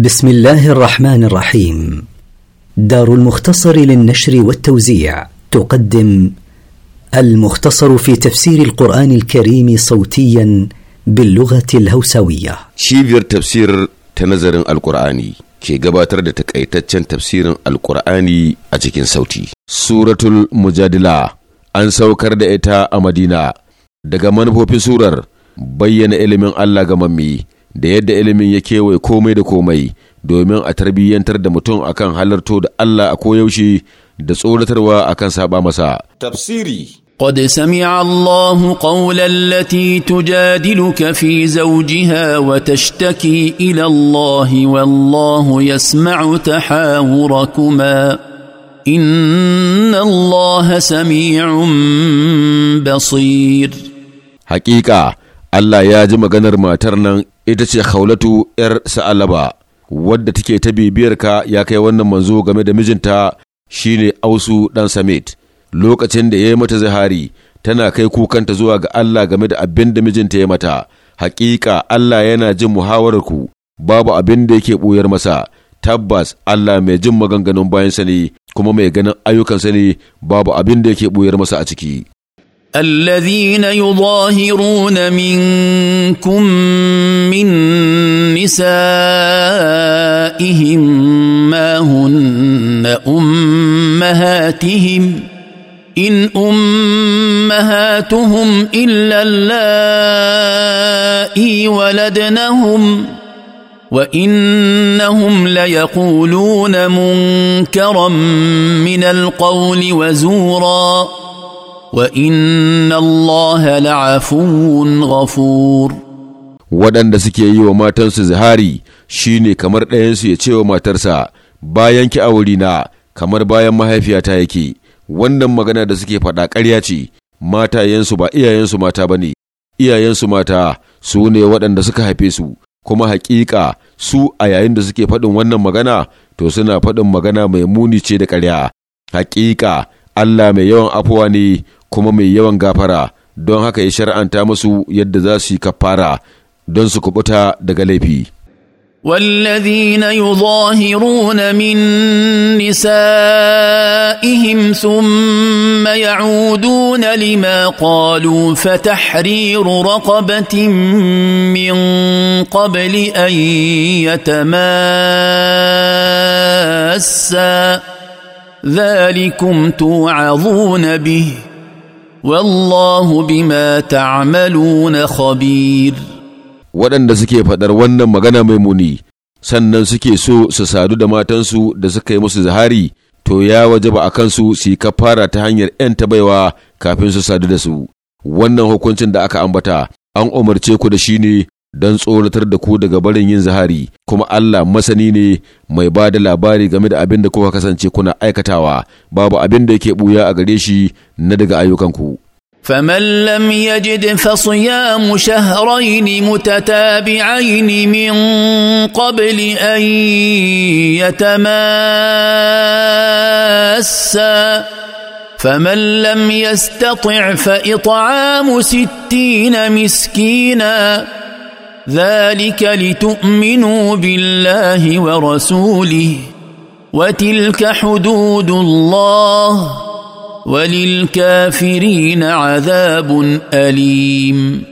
بسم الله الرحمن الرحيم دار المختصر للنشر والتوزيع تقدم المختصر في تفسير القرآن الكريم صوتيا باللغة الهوسوية شيفير تفسير تنظر القرآن كي قباتر تفسير القرآن أجيكين صوتي سورة المجادلة أن سوكر دائتا أمدينة دقا منبو في سورة بيّن إلي من da yadda ilimin ya kewaye komai da komai domin a tarbiyyantar da mutum akan halarto da Allah a koyaushe da tsoratarwa akan saba masa. Tafsiri قد سمع الله قول التي تجادلك في زوجها وتشتكي الى الله والله يسمع تحاوركما ان الله سميع بصير حقيقه Allah ya ji maganar matar nan ita ce haulatu ‘yar Sa'alaba, wadda take ta bibiyar ka ya kai wannan manzo game da mijinta shine Ausu dan Samit. Lokacin da ya yi mata zahari tana kai kukanta zuwa ga Allah game da abin da mijinta ya mata, hakika Allah yana jin muhawararku, babu abin da yake buyar masa, tabbas Allah mai jin maganganun bayan ne, kuma mai ganin ayyukan sani babu abin da yake buyar masa a ciki. الذين يظاهرون منكم من نسائهم ما هن امهاتهم ان امهاتهم الا اللائي ولدنهم وانهم ليقولون منكرا من القول وزورا وإن الله لعفو غفور waɗanda suke yi wa matansu zihari shine kamar ɗayansu ya ce wa matarsa bayan ki auri na kamar bayan mahaifiyata yake wannan magana da suke faɗa ƙarya ce matayensu ba iyayensu mata ba ne iyayensu mata su ne waɗanda suka haife su kuma haƙiƙa su a yayin da suke faɗin wannan magana to suna faɗin magana mai muni ce da ƙarya haƙiƙa Allah mai yawan afuwa ne kuma mai yawan gafara don haka ya shar'anta musu yadda za su yi kafara don su kubuta daga laifi. والذين يظاهرون من نسائهم ثم يعودون لما قالوا فتحرير رقبه من قبل ان يتماسا ذلكم توعظون به والله بما تعملون خبير waɗanda suke faɗar wannan magana mai muni sannan suke so su sadu da matansu da suka yi musu zahari to ya wajaba a kansu su yi kafara ta hanyar ‘yan baiwa kafin su sadu da su wannan hukuncin da aka ambata an umarce ku da shi ne don tsoratar da ku daga barin yin zahari kuma Allah masani ne mai ba da labari game da abin da kuka kasance kuna aikatawa babu abin da yake buya a gare shi na daga ayyukanku. فمن لم يجد فصيام شهرين متتابعين من قبل أن يتماسا فمن لم يستطع فإطعام ستين مسكيناً ذلك لتؤمنوا بالله ورسوله وتلك حدود الله وللكافرين عذاب أليم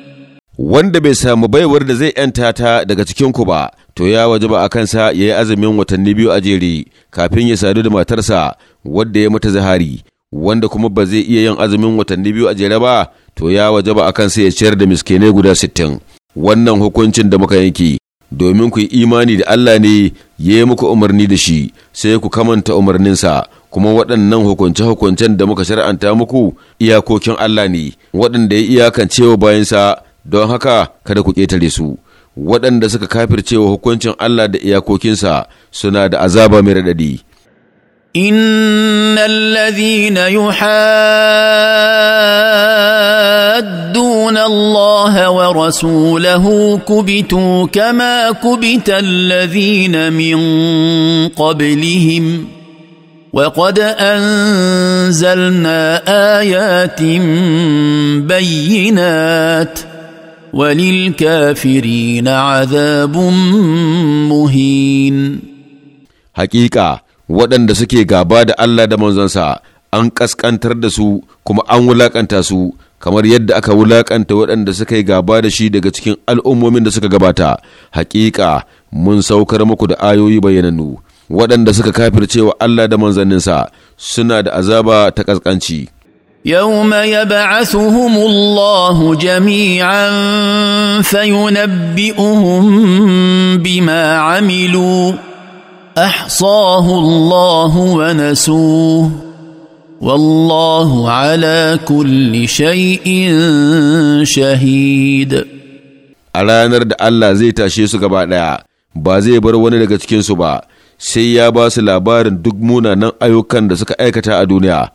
wanda bai samu baiwar da zai ‘yanta ta daga cikinku ba, to ya ba a kansa ya yi azumin watanni biyu a jere kafin ya sadu da matarsa wadda ya mata zahari, wanda kuma ba zai iya yin azumin watanni biyu a jere ba, to ya ba a kansa ya ciyar da miskinai guda sittin. wannan hukuncin da muka yanke domin ku yi imani da Allah ne ya yi muku umarni da shi sai ku kamanta umarninsa kuma waɗannan hukunce-hukuncen da muka shar'anta muku iyakokin Allah ne waɗanda ya iyakance wa bayansa don haka kada ku ƙetare su waɗanda suka kafircewa hukuncin Allah da iyakokinsa suna da azaba mai raɗaɗi. ان الذين يحادون الله ورسوله كبتوا كما كبت الذين من قبلهم وقد انزلنا ايات بينات وللكافرين عذاب مهين حقيقه waɗanda suke gaba da Allah da manzansa an ƙasƙantar da su kuma an wulaƙanta su kamar yadda aka wulaƙanta waɗanda suka yi gaba da shi daga cikin al'ummomin da suka gabata haƙiƙa mun saukar muku da ayoyi bayyanannu waɗanda suka wa Allah da manzanninsa suna da azaba ta ƙasƙanci. يوم يبعثهم الله جميعا فينبئهم بما عملوا احصاه الله ونسوه والله على كل شيء شهيد a ranar da Allah zai tashe su gaba ɗaya ba zai bar wani daga cikinsu ba sai ya ba su labarin duk munanan ayyukan da suka aikata a duniya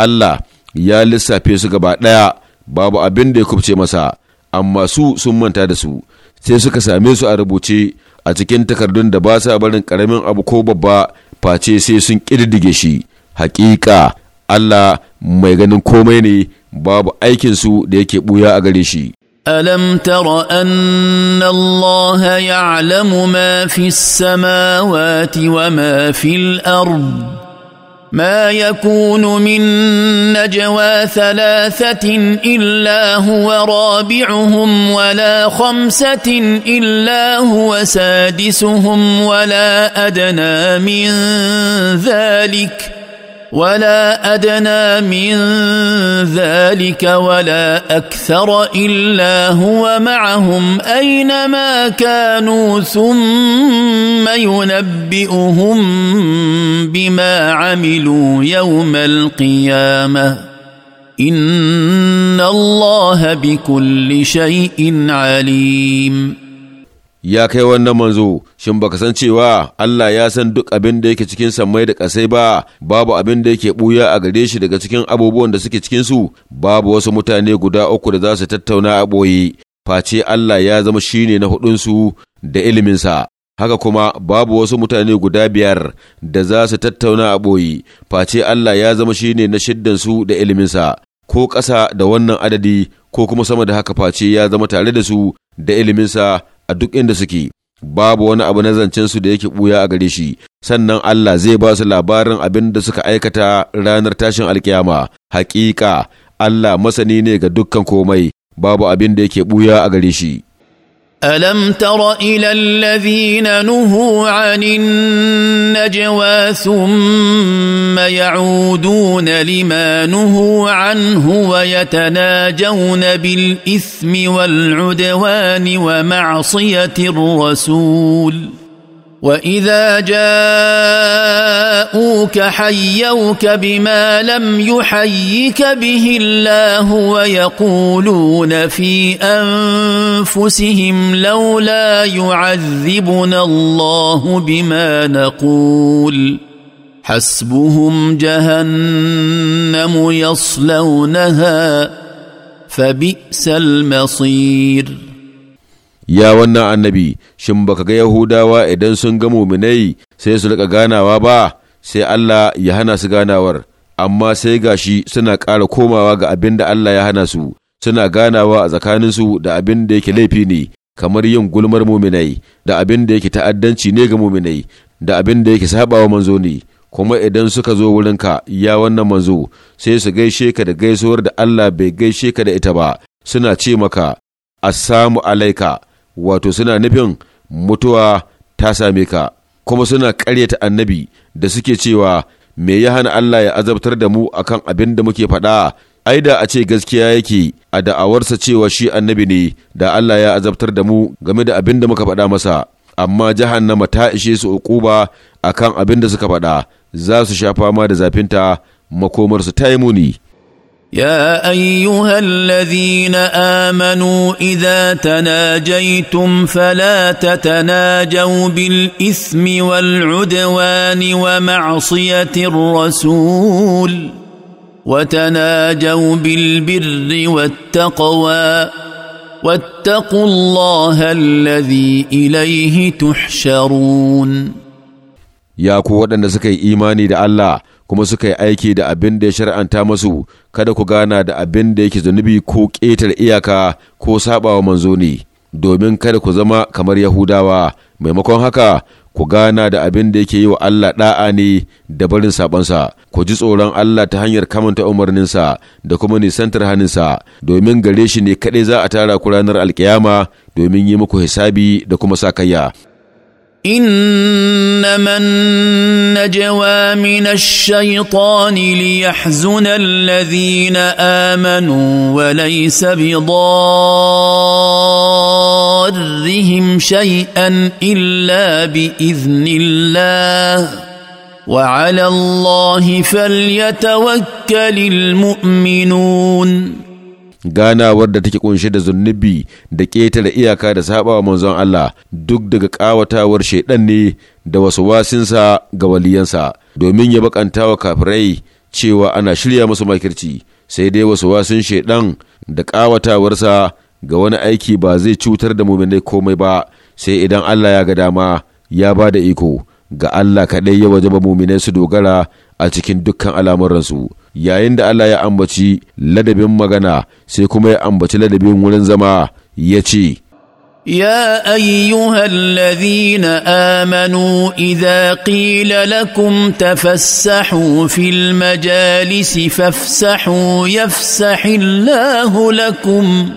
Allah ya lissafe su gaba ɗaya babu abin da ya kubce masa amma su sun manta da su sai suka same su a rubuce a cikin takardun da ba sa barin ƙaramin abu ko babba face sai sun ƙirdige shi haƙiƙa Allah mai ganin komai ne babu aikin su da yake buya a gare shi ألم تر أن الله يعلم ما في السماوات وما في الأرض ما يكون من نجوى ثلاثه الا هو رابعهم ولا خمسه الا هو سادسهم ولا ادنى من ذلك ولا ادنى من ذلك ولا اكثر الا هو معهم اينما كانوا ثم ينبئهم بما عملوا يوم القيامه ان الله بكل شيء عليم ya kai wannan manzo shin baka san cewa Allah ya san duk abin da yake cikin sammai da kasai ba babu abin da yake buya a gare shi daga cikin abubuwan da suke cikin su babu wasu mutane guda uku da za su tattauna a ɓoye face Allah ya zama shine na hudunsu da iliminsa haka kuma babu wasu mutane guda biyar da za su tattauna a boye face Allah ya zama shine na shiddansu da iliminsa ko ƙasa da wannan adadi ko kuma sama da haka face ya zama tare da su da iliminsa a duk inda suke babu wani abu na zancen su da yake buya a gare shi sannan Allah zai ba su labarin abin da suka aikata ranar tashin alkiyama hakika Allah masani ne ga dukkan komai babu abin da yake buya a gare shi الم تر الى الذين نهوا عن النجوى ثم يعودون لما نهوا عنه ويتناجون بالاثم والعدوان ومعصيه الرسول واذا جاءوك حيوك بما لم يحيك به الله ويقولون في انفسهم لولا يعذبنا الله بما نقول حسبهم جهنم يصلونها فبئس المصير ya wannan annabi shin baka ga yahudawa idan sun ga muminai sai su rika ganawa ba sai Allah ya hana su ganawar amma sai gashi suna ƙara komawa ga abin da Allah ya hana su suna ganawa a tsakanin su da abin da yake laifi ne kamar yin gulmar muminai da abin da yake ta'addanci ne ga muminai da abin da yake sabawa manzo ne kuma idan suka zo wurinka ya wannan manzo sai su gaishe ka da gaisuwar da Allah bai gaishe ka da ita ba suna ce maka samu alaika wato suna nufin mutuwa ta same ka kuma suna ƙaryata annabi da suke cewa me ya hana Allah ya azabtar da mu akan abin da muke faɗa ai da a ce gaskiya yake a da'awarsa cewa shi annabi ne da Allah ya azabtar da mu game da abin da muka faɗa masa amma jahannama ta ishe su uquba akan abin da suka faɗa za su sha fama da zafinta makomarsu ta yi muni يا ايها الذين امنوا اذا تناجيتم فلا تتناجوا بالاثم والعدوان ومعصيه الرسول وتناجوا بالبر والتقوى واتقوا الله الذي اليه تحشرون يا قوه ان ايماني ده الله kuma suka yi aiki da abin da ya shar'anta masu kada ku gana da abin da yake zunubi ko ƙetar iyaka ko sabawa manzo ne domin kada ku zama kamar yahudawa maimakon haka ku gana da abin da yake yi wa Allah da'a ne da barin sabonsa ku ji tsoron Allah ta hanyar kamanta umarninsa da kuma nisantar haninsa domin gare shi ne kaɗai za a tara ku ranar alkiyama domin yi muku hisabi da kuma sakayya انما النجوى من الشيطان ليحزن الذين امنوا وليس بضارهم شيئا الا باذن الله وعلى الله فليتوكل المؤمنون ganawar da take kunshe da zunubi da ƙetare iyaka da sabawa manzon Allah duk daga ƙawatawar shaidan ne da wasu wasinsa ga waliyansa domin ya bakanta wa kafirai cewa ana shirya musu makirci sai dai wasu wasin shaidan da ƙawatawarsa ga wani aiki ba zai cutar da muminai komai ba sai idan Allah ya ga dama ya ba da iko ga Allah kaɗai ya wajaba muminai su dogara a cikin dukkan al'amuransu. yayin da Allah ya ambaci ladabin magana sai kuma ya ambaci ladabin wurin zama ya ce يا ايها الذين امنوا اذا قيل لكم تفسحوا في المجالس فافسحوا يفسح الله لكم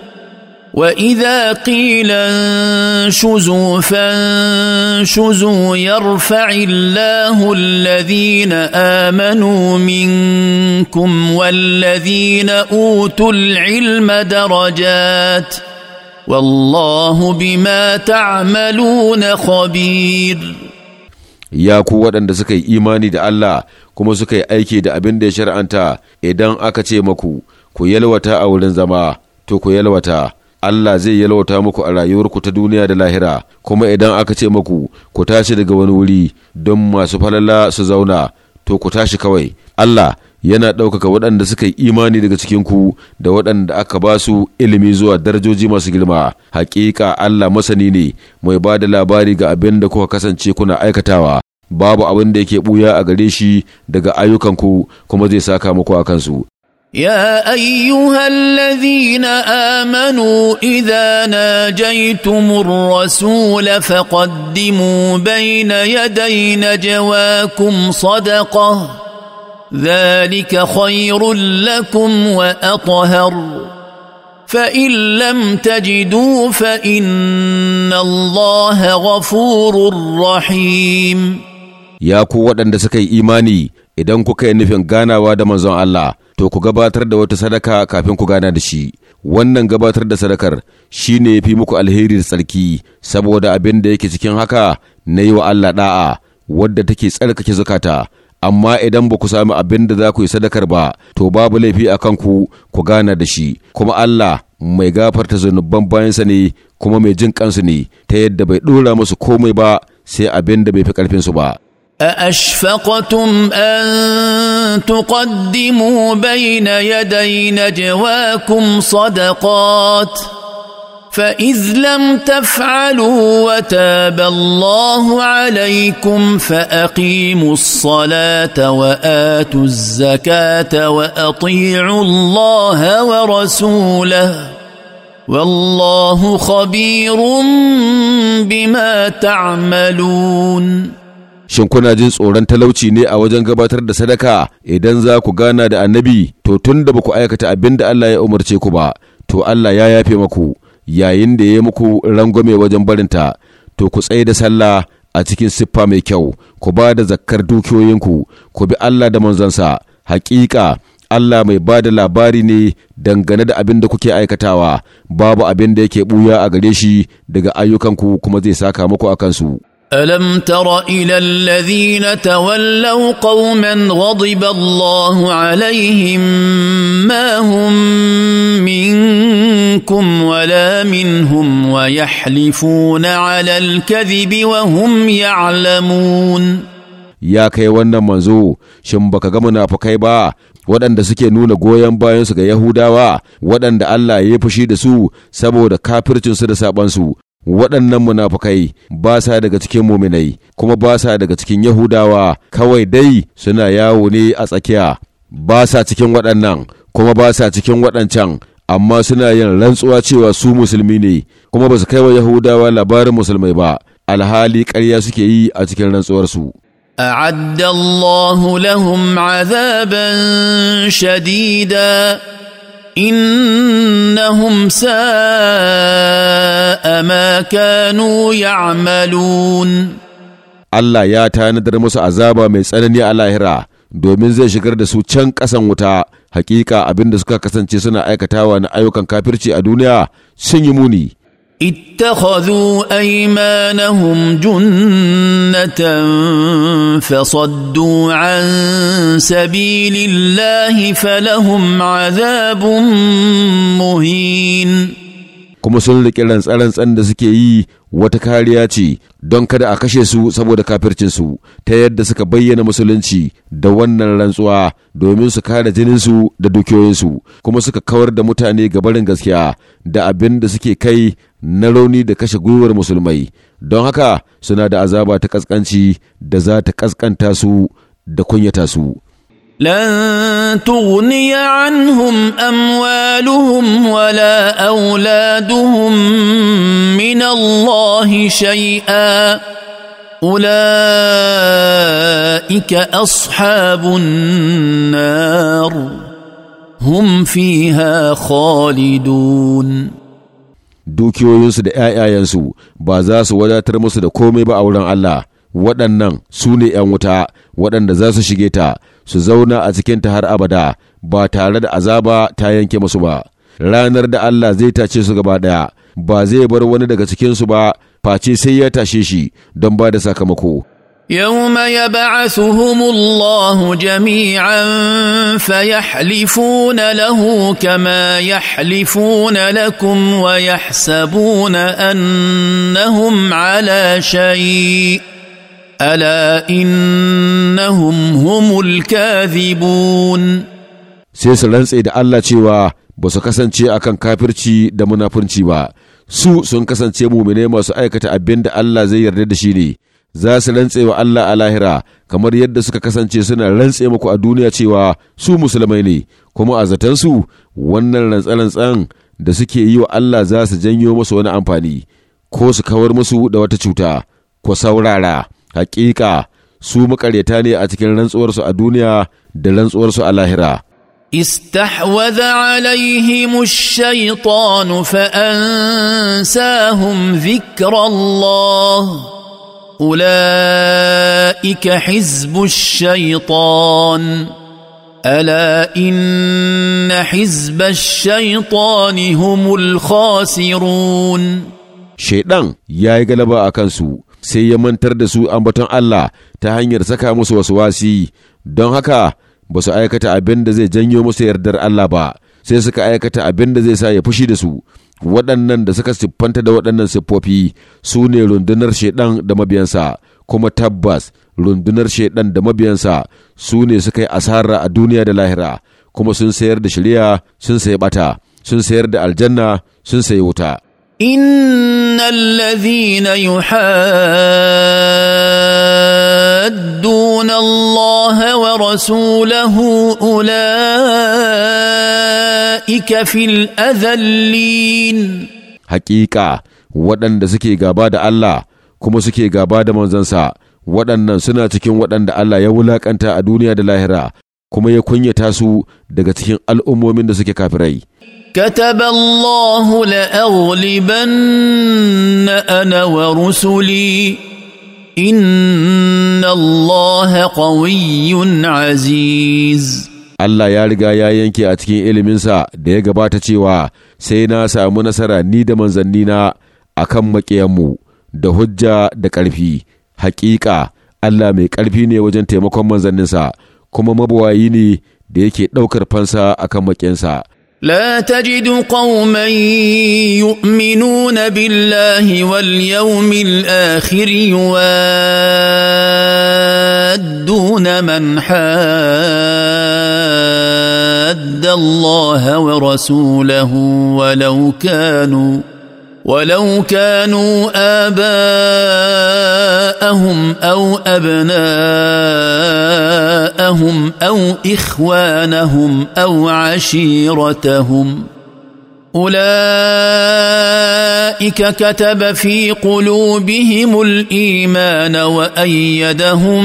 واذا قيل انشزوا فانشزوا يرفع الله الذين امنوا منكم والذين اوتوا العلم درجات والله بما تعملون خبير ya ku waɗanda suka yi imani da Allah kuma suka yi aiki da abin da ya shar'anta idan aka ce maku ku yalwata a wurin zama to ku yalwata Allah zai yalwata muku a rayuwarku ta duniya da lahira, kuma idan aka ce muku ku tashi daga wani wuri don masu falala su zauna, to ku tashi kawai. Allah yana ɗaukaka waɗanda suka yi imani daga cikinku da waɗanda aka ba su ilimi zuwa darajoji masu girma. haƙiƙa Allah masani ne mai ba da labari ga abin da kuka kasance kuna aikatawa. Babu abin da yake ɓuya a gare shi daga ayyukanku kuma zai saka muku a kansu. يا ايها الذين امنوا اذا ناجيتم الرسول فقدموا بين يدي نجواكم صدقه ذلك خير لكم واطهر فان لم تجدوا فان الله غفور رحيم يا قوه ان سكي ايماني idan kuka yi nufin ganawa da manzon Allah to ku gabatar da wata sadaka kafin ku gana da shi wannan gabatar da sadakar shi ne fi muku alheri da tsarki saboda abin da yake cikin haka na yi wa Allah da'a wadda take tsarkake zukata amma idan ba ku sami abin da za ku yi sadakar ba to babu laifi a kanku ku gana da shi kuma Allah mai gafarta zunuban bayansa ne kuma mai jin kansu ne ta yadda bai ɗora musu komai ba sai abin da bai fi ƙarfinsu ba أأشفقتم أن تقدموا بين يدي نجواكم صدقات فإذ لم تفعلوا وتاب الله عليكم فأقيموا الصلاة وآتوا الزكاة وأطيعوا الله ورسوله والله خبير بما تعملون shin kuna jin tsoron talauci ne a wajen gabatar da sadaka idan za ku gana da annabi to tun da baku aikata abin da Allah ya umarce ku ba to Allah ya yafe muku yayin da ya muku rangwame wajen barinta to ku tsaye da sallah a cikin siffa mai kyau ku ba da zakkar dukiyoyinku ku bi Allah da manzansa hakika Allah mai ba da labari ne dangane da abin da kuke aikatawa babu abin da yake buya a gare shi daga ayyukanku kuma zai saka muku a kansu. الم تر الى الذين تولوا قوما غضب الله عليهم ما هم منكم ولا منهم ويحلفون على الكذب وهم يعلمون ya kai wannan manzo shin baka ga munafukai ba waɗanda suke nuna goyon bayansu ga Yahudawa waɗanda Allah ya fushi da su saboda kafircinsu da saɓansu waɗannan munafukai ba sa daga cikin muminai kuma ba sa daga cikin yahudawa kawai dai suna yawo ne a tsakiya ba sa cikin waɗannan kuma ba sa cikin waɗancan amma suna yin rantsuwa cewa su musulmi ne kuma ba su kai wa yahudawa labarin musulmai ba alhali karya suke yi a cikin rantsuwarsu أعد الله لهم عذابا انهم ساء ما كانوا يعملون Allah ya tanadar musu azaba mai tsanani a lahira domin zai shigar da su can ƙasan wuta hakika abin da suka kasance suna aikatawa na ayyukan kafirci a duniya sun yi muni اتخذوا ايمانهم جنه فصدوا عن سبيل الله فلهم عذاب مهين kuma sun riƙe rantsa-rantsan da suke yi wata kariya ce don kada a kashe su saboda kafircinsu ta yadda suka bayyana musulunci da wannan rantsuwa domin su kare jininsu da dukiyoyinsu kuma suka kawar da mutane gabarin gaskiya da abin da suke kai na rauni da kashe gwiwar musulmai don haka suna da azaba ta ƙasƙanci da za ta ƙasƙanta su da kunyata su لن تغني عنهم اموالهم ولا اولادهم من الله شيئا ashabun اصحاب النار هم فيها خالدون dukiyoyinsu da ‘ya'yayensu ba za su wadatar musu da komai ba a wurin Allah, waɗannan su ne ‘yan wuta waɗanda za su shige ta, su zauna a cikin ta har abada ba tare da azaba ta yanke musu ba. Ranar da Allah zai tace su gaba ɗaya, ba zai bar wani daga cikinsu ba, face sai ya tashe shi don ba da sakamako. يوم يبعثهم الله جميعا فيحلفون له كما يحلفون لكم ويحسبون انهم على شيء الا انهم هم الكاذبون سيسلنس سيد الله تشيوا بوسكاسان تشي اكن كافرتشي دمنافرتشي با سو سنكاسان تشي مؤمنين ماسو ايكتا ابين الله زي يرددشيني za su rantse wa Allah a lahira kamar yadda suka kasance suna rantse muku a duniya cewa su musulmai ne kuma a su, wannan rantsarantsan da suke yi wa Allah za su janyo musu wani amfani ko su kawar musu da wata cuta ko saurara hakika su makaryata ne a cikin rantsuwarsu a duniya da rantsuwarsu a lahira استحوذ عليهم الشيطان فانساهم ذكر الله اولئك حزب الشيطان الا ان حزب الشيطان هم الخاسرون shaidan ya yi galaba a kansu sai ya mantar da su ambaton Allah ta hanyar saka musu wasu wasi don haka ba su aikata abin da zai janyo musu yardar Allah ba sai suka aikata abin da zai sa ya fushi da su waɗannan da suka siffanta da waɗannan siffofi su ne rundunar shaidan da mabiyansa kuma tabbas rundunar shaidan da mabiyansa su ne suka yi asara a duniya da lahira kuma sun sayar da shari'a sun sayi bata sun sayar da aljanna sun sayi wuta inna الذين يحادون الله ورسوله أولئك fil في الأذلين haƙiƙa waɗanda suke gaba da Allah kuma suke gaba da manzansa waɗannan suna cikin waɗanda Allah ya wulaƙanta a duniya da lahira kuma ya kunyata su daga cikin al'ummomin da suke kafirai. كتب الله لأغلبن أنا ورسلي إن الله قوي عزيز Allah ya riga ya yanke a cikin iliminsa da ya gabata cewa sai na samu nasara ni da manzannina a kan maƙiyanmu da hujja da ƙarfi. Hakika Allah mai ƙarfi ne wajen taimakon manzanninsa kuma mabuwayi ne da yake ɗaukar fansa a kan maƙiyansa. لا تجد قوما يؤمنون بالله واليوم الآخر يوان يحادون من حاد الله ورسوله ولو كانوا ولو كانوا اباءهم او ابناءهم او اخوانهم او عشيرتهم اولئك كتب في قلوبهم الايمان وايدهم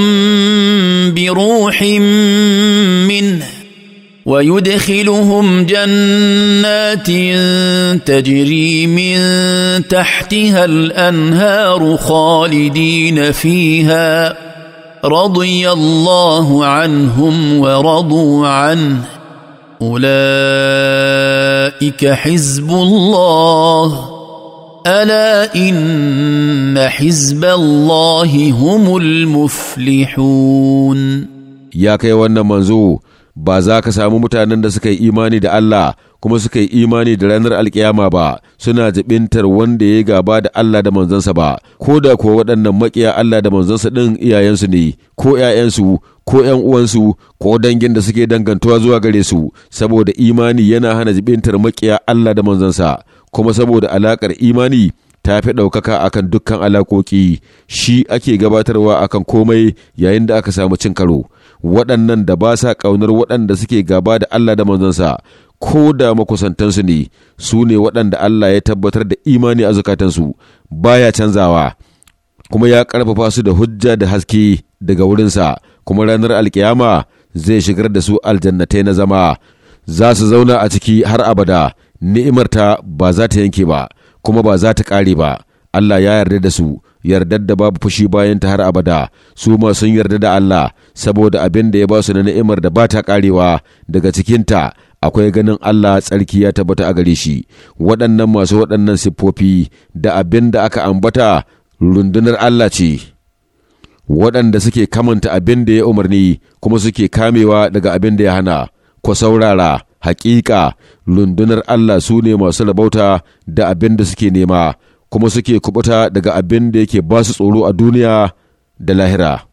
بروح منه ويدخلهم جنات تجري من تحتها الانهار خالدين فيها رضي الله عنهم ورضوا عنه اولئك حزب الله الا ان حزب الله هم المفلحون ya kai wannan manzo ba za ka samu mutanen da suka yi imani da Allah kuma suka yi imani da ranar alkiyama ba suna jibintar wanda ya gaba da Allah da manzansa ba ko da kuwa waɗannan maƙiya Allah da manzansa ɗin iyayensu ne ko 'ya'yansu ko ‘yan uwansu ko dangin da suke dangantuwa zuwa gare su, saboda imani yana hana jibintar makiya Allah da manzansa, kuma saboda alaƙar imani ta fi ɗaukaka akan dukkan alakoki shi ake gabatarwa akan komai yayin da aka samu cin karo. Waɗannan da ba sa ƙaunar waɗanda suke gaba da Allah da manzansa, ko da makusantansu ne, su ne waɗanda Allah ya tabbatar da imani a zukatansu, baya canzawa. kuma ya ƙarfafa su da hujja da haske daga wurinsa kuma ranar alkiyama zai shigar da su aljannatai na zama za su zauna a ciki har abada ni'imarta ba za ta yanke ba kuma ba za ta ƙare ba Allah ya yarda da su yardar da babu fushi bayan ta har abada su ma sun yarda da Allah saboda abin da ya ba su na ni'imar da ba ta ƙarewa daga cikinta akwai ganin Allah tsarki ya tabbata a gare shi waɗannan masu waɗannan siffofi da abin da aka ambata rundunar Allah ce, waɗanda suke kamanta abin da ya umarni kuma suke kamewa daga abin da ya hana, ku saurara, hakika rundunar Allah su ne masu rabauta da abin da suke nema, kuma suke kubuta daga abin da yake ba su tsoro a duniya da lahira.